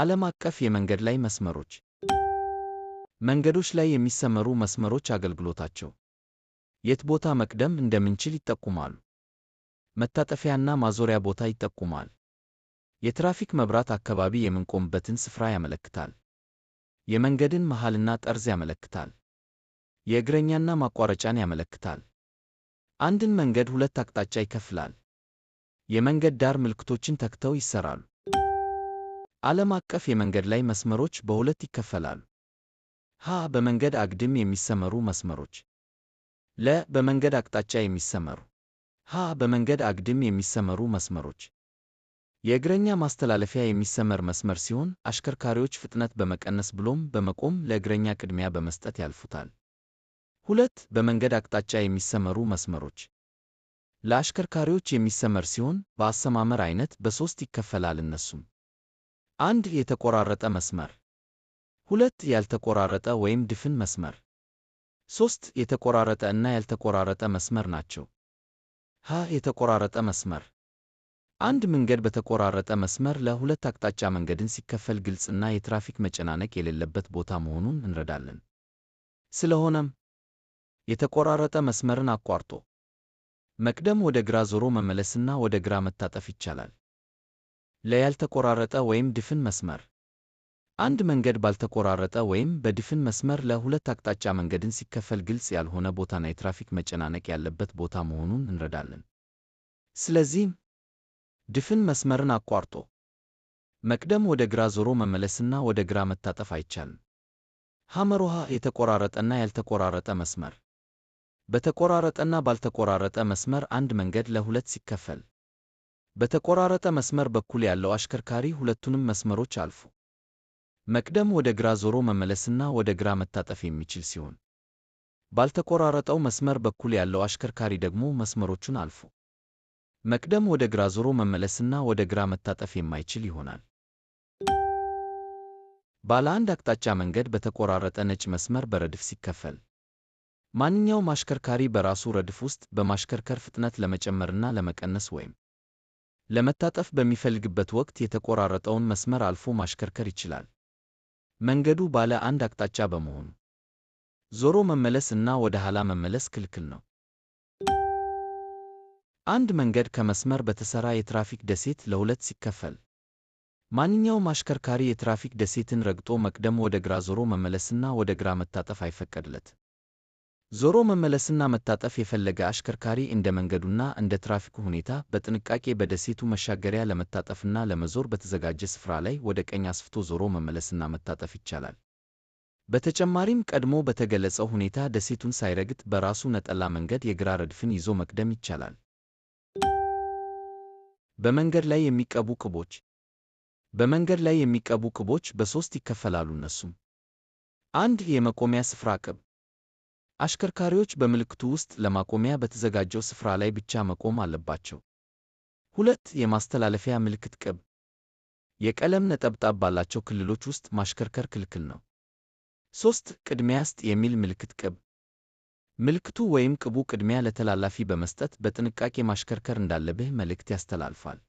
ዓለም አቀፍ የመንገድ ላይ መስመሮች መንገዶች ላይ የሚሰመሩ መስመሮች አገልግሎታቸው የት ቦታ መቅደም እንደምንችል ይጠቁማሉ። መታጠፊያና ማዞሪያ ቦታ ይጠቁማል። የትራፊክ መብራት አካባቢ የምንቆምበትን ስፍራ ያመለክታል። የመንገድን መሃልና ጠርዝ ያመለክታል። የእግረኛና ማቋረጫን ያመለክታል። አንድን መንገድ ሁለት አቅጣጫ ይከፍላል። የመንገድ ዳር ምልክቶችን ተክተው ይሰራሉ። ዓለም አቀፍ የመንገድ ላይ መስመሮች በሁለት ይከፈላሉ። ሀ በመንገድ አግድም የሚሰመሩ መስመሮች፣ ለ በመንገድ አቅጣጫ የሚሰመሩ። ሀ በመንገድ አግድም የሚሰመሩ መስመሮች የእግረኛ ማስተላለፊያ የሚሰመር መስመር ሲሆን አሽከርካሪዎች ፍጥነት በመቀነስ ብሎም በመቆም ለእግረኛ ቅድሚያ በመስጠት ያልፉታል። ሁለት በመንገድ አቅጣጫ የሚሰመሩ መስመሮች ለአሽከርካሪዎች የሚሰመር ሲሆን በአሰማመር አይነት በሦስት ይከፈላል። እነሱም አንድ የተቆራረጠ መስመር፣ ሁለት ያልተቆራረጠ ወይም ድፍን መስመር፣ ሶስት የተቆራረጠ እና ያልተቆራረጠ መስመር ናቸው። ሀ የተቆራረጠ መስመር አንድ መንገድ በተቆራረጠ መስመር ለሁለት አቅጣጫ መንገድን ሲከፈል ግልጽና የትራፊክ መጨናነቅ የሌለበት ቦታ መሆኑን እንረዳለን። ስለሆነም የተቆራረጠ መስመርን አቋርጦ መቅደም፣ ወደ ግራ ዞሮ መመለስና ወደ ግራ መታጠፍ ይቻላል። ለያልተቆራረጠ ወይም ድፍን መስመር አንድ መንገድ ባልተቆራረጠ ወይም በድፍን መስመር ለሁለት አቅጣጫ መንገድን ሲከፈል ግልጽ ያልሆነ ቦታና የትራፊክ መጨናነቅ ያለበት ቦታ መሆኑን እንረዳለን። ስለዚህም ድፍን መስመርን አቋርጦ መቅደም፣ ወደ ግራ ዞሮ መመለስና ወደ ግራ መታጠፍ አይቻልም። ሐመር ውሃ የተቆራረጠና ያልተቆራረጠ መስመር በተቆራረጠና ባልተቆራረጠ መስመር አንድ መንገድ ለሁለት ሲከፈል በተቆራረጠ መስመር በኩል ያለው አሽከርካሪ ሁለቱንም መስመሮች አልፎ መቅደም ወደ ግራ ዞሮ መመለስና ወደ ግራ መታጠፍ የሚችል ሲሆን ባልተቆራረጠው መስመር በኩል ያለው አሽከርካሪ ደግሞ መስመሮቹን አልፎ መቅደም ወደ ግራ ዞሮ መመለስና ወደ ግራ መታጠፍ የማይችል ይሆናል። ባለ አንድ አቅጣጫ መንገድ በተቆራረጠ ነጭ መስመር በረድፍ ሲከፈል ማንኛውም አሽከርካሪ በራሱ ረድፍ ውስጥ በማሽከርከር ፍጥነት ለመጨመርና ለመቀነስ ወይም ለመታጠፍ በሚፈልግበት ወቅት የተቆራረጠውን መስመር አልፎ ማሽከርከር ይችላል። መንገዱ ባለ አንድ አቅጣጫ በመሆኑ ዞሮ መመለስ እና ወደ ኋላ መመለስ ክልክል ነው። አንድ መንገድ ከመስመር በተሰራ የትራፊክ ደሴት ለሁለት ሲከፈል፣ ማንኛውም አሽከርካሪ የትራፊክ ደሴትን ረግጦ መቅደም፣ ወደ ግራ ዞሮ መመለስና ወደ ግራ መታጠፍ አይፈቀድለትም። ዞሮ መመለስና መታጠፍ የፈለገ አሽከርካሪ እንደ መንገዱና እንደ ትራፊኩ ሁኔታ በጥንቃቄ በደሴቱ መሻገሪያ ለመታጠፍና ለመዞር በተዘጋጀ ስፍራ ላይ ወደ ቀኝ አስፍቶ ዞሮ መመለስና መታጠፍ ይቻላል። በተጨማሪም ቀድሞ በተገለጸው ሁኔታ ደሴቱን ሳይረግጥ በራሱ ነጠላ መንገድ የግራ ረድፍን ይዞ መቅደም ይቻላል። በመንገድ ላይ የሚቀቡ ቅቦች በመንገድ ላይ የሚቀቡ ቅቦች በሦስት ይከፈላሉ። እነሱም አንድ የመቆሚያ ስፍራ ቅብ አሽከርካሪዎች በምልክቱ ውስጥ ለማቆሚያ በተዘጋጀው ስፍራ ላይ ብቻ መቆም አለባቸው። ሁለት የማስተላለፊያ ምልክት ቅብ የቀለም ነጠብጣብ ባላቸው ክልሎች ውስጥ ማሽከርከር ክልክል ነው። ሶስት ቅድሚያ ስጥ የሚል ምልክት ቅብ ምልክቱ ወይም ቅቡ ቅድሚያ ለተላላፊ በመስጠት በጥንቃቄ ማሽከርከር እንዳለብህ መልእክት ያስተላልፋል።